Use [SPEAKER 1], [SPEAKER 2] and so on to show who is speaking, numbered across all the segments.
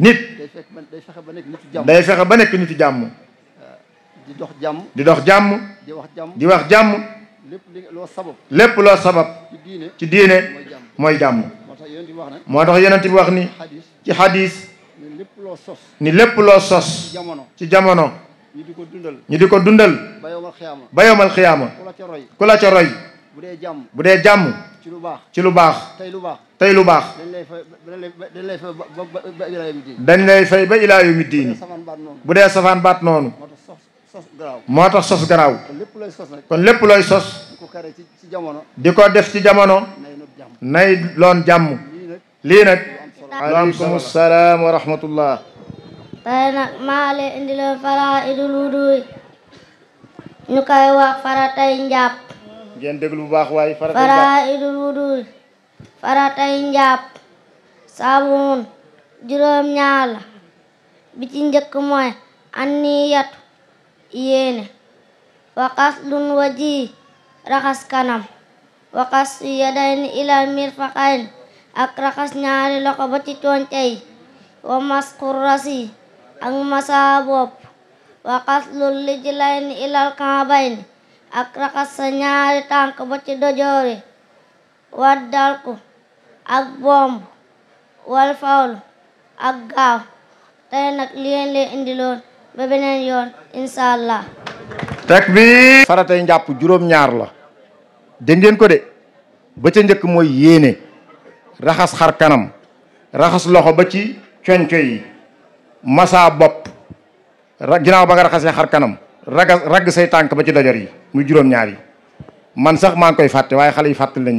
[SPEAKER 1] nit day fexe ba nekk nit jàmm day fexe ba nekk nit jàmm. Eh, di dox jàmm di dox jàmm. di wax jàmm di wax jàmm. lépp loo sabab. lépp loo sabab. ci diine ci diine mooy jàmm. moo tax yonent bi wax ne. moo tax yonent bi wax ni. ci xadis. ni lépp loo sos. ni lépp loo sos. ci jamono ci jamono. di ko dundal ñu di ko dundal. ba yowmal xiyaama ba yowmal xiyaama. ku la ca roy ku la ca bu dee jàmm bu dee jàmm. ci lu baax ci lu baax tey lu baax tey lu baax dañ lay fay dañ lay fay ba dañ lay fay ba ilaa yawmi diin bu dee safaan baat noonu sos garaaw kon lépp looy sos di ko def ci jamono nay loon jàmm lii nag aleykum salaam wa rahmatullah
[SPEAKER 2] tey nag maa indi leen faraa'idul wudu ñu koy faratay njàpp
[SPEAKER 1] ngeen déglu baax waaye farata faraidul
[SPEAKER 2] wudu faratay njàpp saabuun juróom ñaar la ci njëkk mooy anniyatu yéene waqas lun waji raxas kanam waqas yadayni ilal mirfaqayn ak raxas ñaari loxo ba ci cooncey wa masqur rasi ak masa bopp waqas lun lijlayni ilal kaabayni ak raxas sa ñaari tànk ba ci dojoori waddal ku ak bomb wal fawlu ak gaaw tey nag liyeen lee indiloon ba beneen yoon incha allah
[SPEAKER 1] takbir faratay njàpp juróom-ñaar la dégg ngeen ko de ba ca njëkk mooy yéene raxas xar kanam raxas loxo ba ci conco yi masa bopp ginnaaw ba nga raxasee xar kanam ragas ragg say tànk ba ci dojor yi muy nyari, ñaari man sax ma ngi koy fàtte waaye xale yi fàttali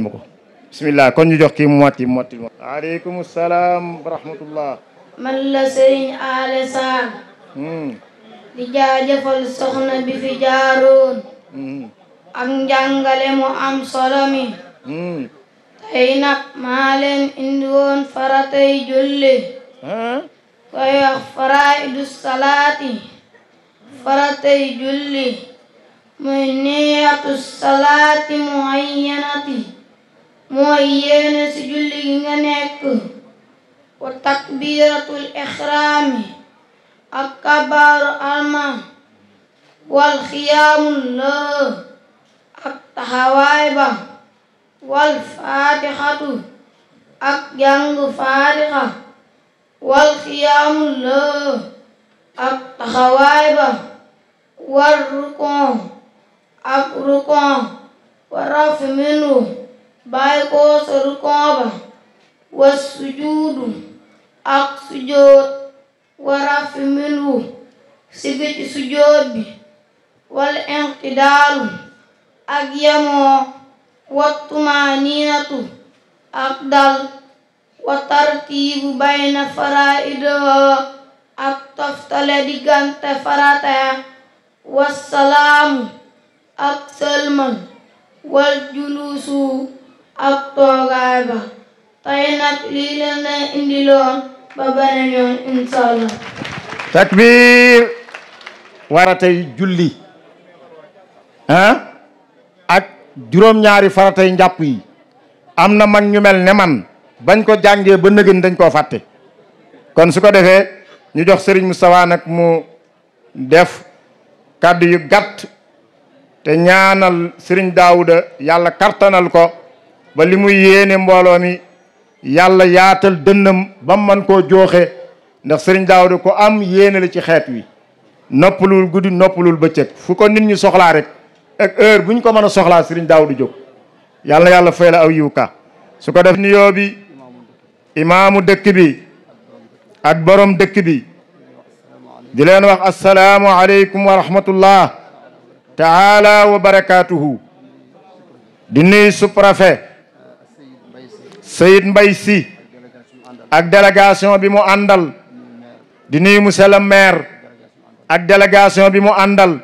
[SPEAKER 1] bismillah kon ñu jox kii mu motti mu motti aleykum salaam wa rahmatullah
[SPEAKER 2] man la sëriñ aale hmm. di jaajëfal soxna bi fi jaaroon hmm. ak njàngale mu am salami. mi hmm. tey nag maa leen indi woon faratay julli koy wax faraidu salaati faratay julli mooy niyatu salaati muayyanati mooy yéene ci julli gi nga nekk wa takbiratul ixraami ak kabaaru alma wal xiyaamu lëë ak taxawaay ba wal faatixatu ak jàng faatixa wal xiyaamu lëë ak taxawaay ba wal rukon akurukom wara feminu baiko sorukoba wasujudu ak sujud wara feminu sigit sujud bi wal inqidal ak yamo watumaninatu ak dal watartibu bayna faraid ak taftala digante farata wassalam ak salman wal julusu ak togaiba tay nak li lii leen na indiloon ba beneen yoon inshallah
[SPEAKER 1] takbir waratay julli ah ak jurom ñaari faratay njàpp yi amna man ñu mel ne man bañ ko jangé ba neugën dañ ko faté kon suko défé ñu jox Serigne Moustapha nak mu def kaddu yu gatt te ñaanal sëriñ Daawuda yàlla kartanal ko ba li muy yéene mbooloo mi yàlla yaatal dënnam ba man koo jooxe ndax sëriñ Daawuda ko am yéene la ci xeet wi noppalul guddi noppalul bëccëg fu ko nit ñu soxlaa rek ak heure bu ñu ko mën a soxlaa sëriñ Daawuda jóg yàlla yàlla fay la aw yiw ka su ko def nuyoo bi imaamu dëkk bi ak borom dëkk bi di leen wax asalaamu aleykum wa rahmatullah taala wa barakaatuhu di nuyu sous-préfet Mbay Si ak délégation bi mu àndal di nuyu monsieur le ak délégation bi mu àndal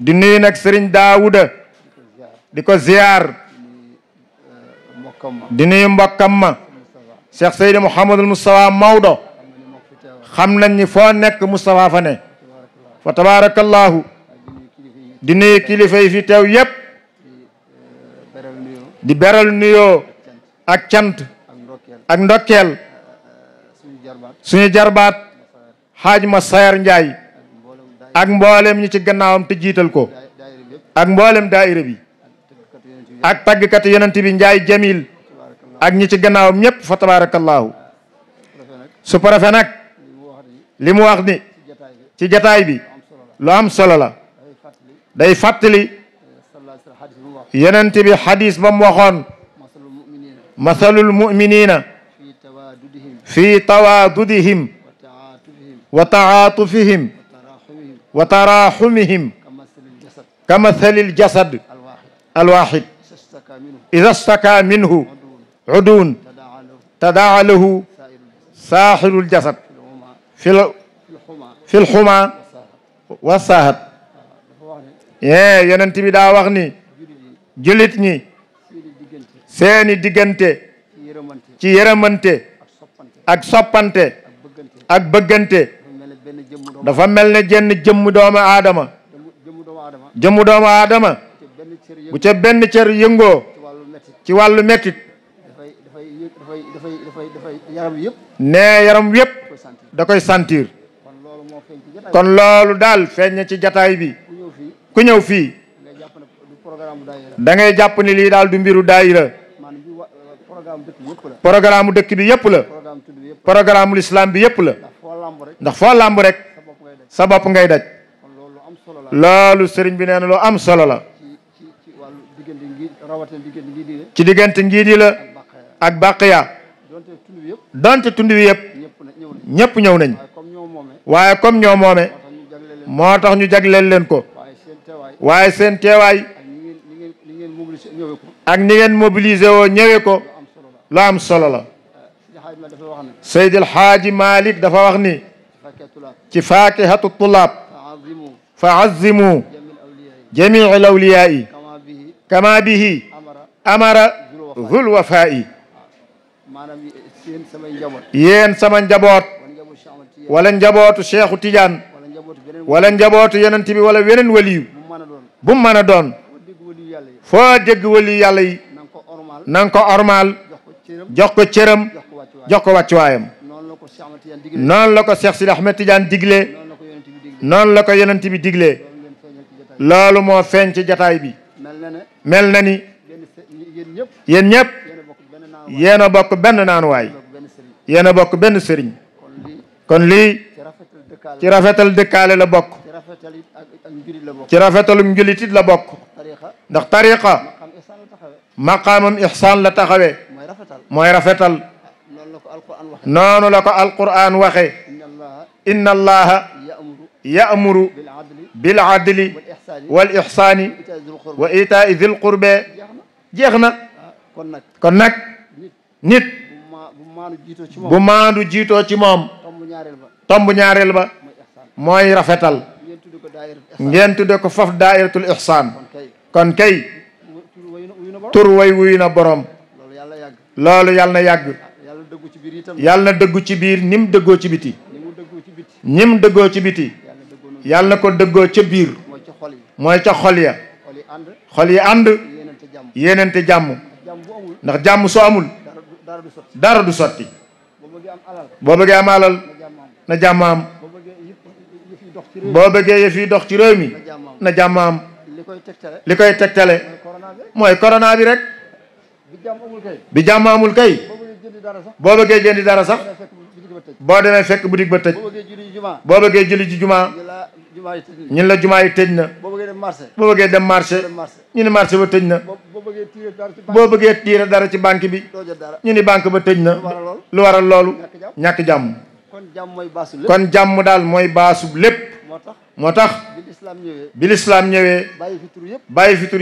[SPEAKER 1] di nuyu nag Sëriñ Daawuda di ko ziyaar di nuyu mbokkam ma Cheikh Seydi xam nañ ni foo nekk Moustapha fa ne fa tabaarakallaahu di kilifa yi fi teew yépp di beral nuyoo ak cant ak ndokkeel suñu jarbaat xaaj ma sayar njaay ak mboolem ñi ci gannaawam te jiital ko ak mboolem daayira bi ak tàggkat yonent bi njaay jamil ak ñi ci gannaawam ñépp fa tabaarakallaahu su préfet nag li mu wax ni ci jataay bi lu am solo la day fatali yenente bi hadith bam waxon masalul muminina fi tawadudihim wa taatufihim wa tarahumihim ka masalil jasad alwaxid idha staka minhu uduun tadaa lahu saaxirul jasad fi lxuma wa sahat ee yonent bi daa wax ni jullit ñi seeni diggante ci yërëmante ak soppante ak bëggante dafa mel ne jenn jëmm doomu adama jëmmu doomu aadama bu ca benn cër yëngoo ci wàllu mettit nee yaram yëpp da koy sentir kon loolu daal feeñ na ci jataay bi ku ñëw fii da ngay jàpp ne lii daal du mbiru daayira programme mu dëkk bi yépp la programme lislaam bi yépp la ndax foo làmb rek sa bopp ngay daj loolu sëriñ bi nee na lu am solo la ci diggante ngiit yi la ak bàqiya donte tund wi yépp ñépp ñëw nañ waaye comme ñoo moome moo tax ñu jagleel leen ko waaye seen teewaay ak ni ngeen mobilisé woo ñëwee ko lu am solo la Seydi El Hadji Malick dafa wax ni ci faakihatu tulaab fa azimu jamii lawliyaai kama bihi amara zul wafaai yéen sama njaboot wala njabootu Cheikhu Tidiane wala njabootu yonent bi wala weneen waliyu bu mu mën a doon foo dégg wali yàlla yi na nga ko ormaal jox ko cëram jox ko wàccuwaayam noonu la ko Cheikh Sidi Ahmed Tidiane diglee noon la ko yonent bi diglee loolu moo feeñ ci jataay bi mel na ni yéen ñëpp yéen a bokk benn naanuwaay yéen a bokk benn sëriñ kon lii ci rafetal dëkkaale la bokk ci rafetalum julit la bok ndax tariqa maqaamam ihsan la taxawé moy rafetal noonu la ko alquran waxe inna allaha ya'muru bil adli wal ixsaani wa itaai dil qurbe jeex na kon nag nit bu maandu jiitoo ci moom tomb ñaareel ba mooy rafetal ngeen tudde ko foofu daayiratul ihsaan kon kay tur way wuyu na borom loolu yàlla na yàgg yàlla na dëggu ci biir ni mu dëggoo ci biti ni mu dëggoo ci biti yàlla na ko dëggoo ca biir mooy ca xol ya xol yi ànd yéenante jàmm ndax jàmm soo amul dara du sotti boo bëggee am alal na jàmm boo bëggee yëf yi dox ci réew mi na jàmm am li koy tegtale mooy corona bi rek bi jàmm amul kay boo bëggee jëndi dara sax boo demee fekk boutique ba tëj boo bëggee julli ci jumaa ñun la jumaa yi tëj na boo bëggee dem marché ñu ni marché ba tëj na boo bëggee tiire dara ci bank bi ñu ni banque ba tëj na lu waral loolu ñàkk jàmm kon jàmm daal mooy baasub lépp moo tax moo tax bi lislaam ñëwee bi lislaam ñëwee bàyyi fi tur yëpp bàyyi fi tur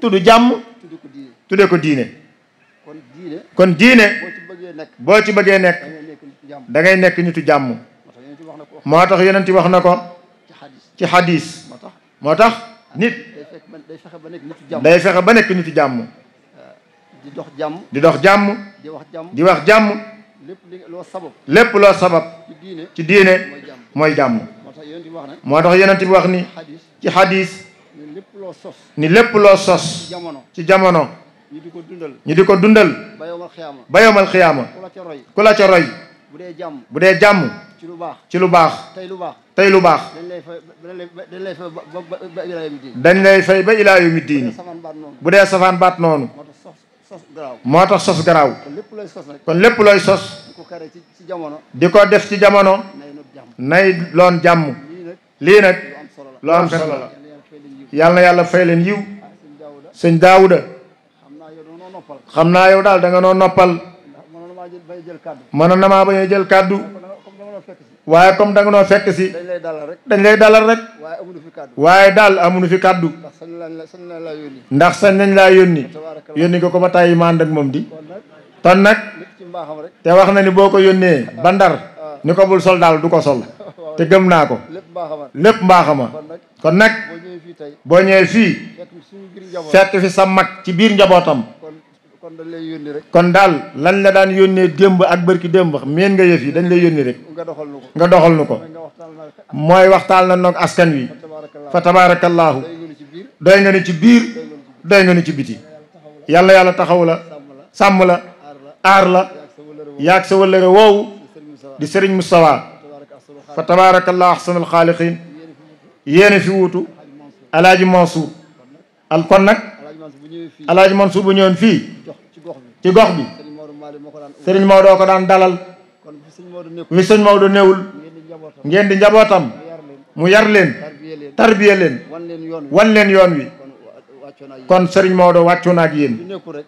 [SPEAKER 1] tudd jàmm tudd ko diine tuddee ko diine kon diine kon diine boo ci bëggee nekk boo ci bëggee nekk da ngay nekk nitu jàmm moo tax yonent wax na ko ci xadis moo tax nit day fexe ba nekk nitu jàmm ba nekk nitu jàmm euh, di dox jàmm di dox jàmm di wax jàmm di wax jàmm lépp loo sabab lépp loo sabab ci diine ci diine mooy jàmm moo tax yonent bi wax ni ci hadith
[SPEAKER 2] ni lepp lo sos ci jamono
[SPEAKER 1] ñu di dundal bayomal di ko ba yowmal xiyaama ku la ca roy bu dee bu ci lu bax lu dañ lay fay ba ila yawmi diin bat non sos graw kon lepp loy sos di def ci jamono nay lon li nak lo am solo la yalla yalla fay len yiw seigne daouda xamna nama yow dal da nga no noppal manon ma baye jël kaddu waye comme da nga no fekk si dañ lay dalal rek waye dal amunu fi kaddu ndax sañ nañ la yoni yoni ko ko ba tay ak di tan nak te wax na ni boko yone bandar bul sol dal, du sol te gëm naa ko lépp mbaaxama kon nag boo ñëwee fii fekk fi sa mag ci biir njabootam kon daal lañ la daan yónnee démb ak bërki démb meen nga yëf yi dañ lay yónni rek nga doxal nu ko mooy waxtaan la noog askan wi fa tabaarakallaahu doy nga ni ci biir doy nga ni ci biti yàlla yàlla taxaw la sàmm la aar la yaag sa wëllëre woowu di sëriñ Moustapha فتبارك الله احسن الخالقين يين في ووتو الحاج منصور الكون نك الحاج منصور في تي غوخ بي سيرن مودو كو دان دالال وي سيرن مودو نيول نين دي نجابوتام مو يار تربيه لين وان لين يون وي كون سيرن مودو واتيونا اك يين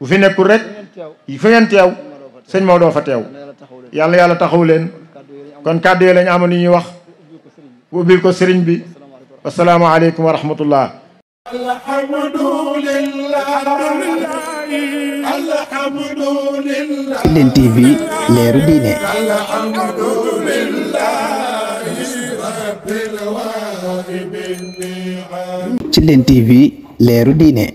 [SPEAKER 1] وفي نيكو رك يفنتياو سيرن مودو فاتيو يالا يالا تاخو kon kàddu yi lañ ñuy wax bu ubbil ko sëriñ bi wasalaamaaleykum wa rahmatullah alhamdulillah Tilène TV leeru diine Tilène TV leeru diine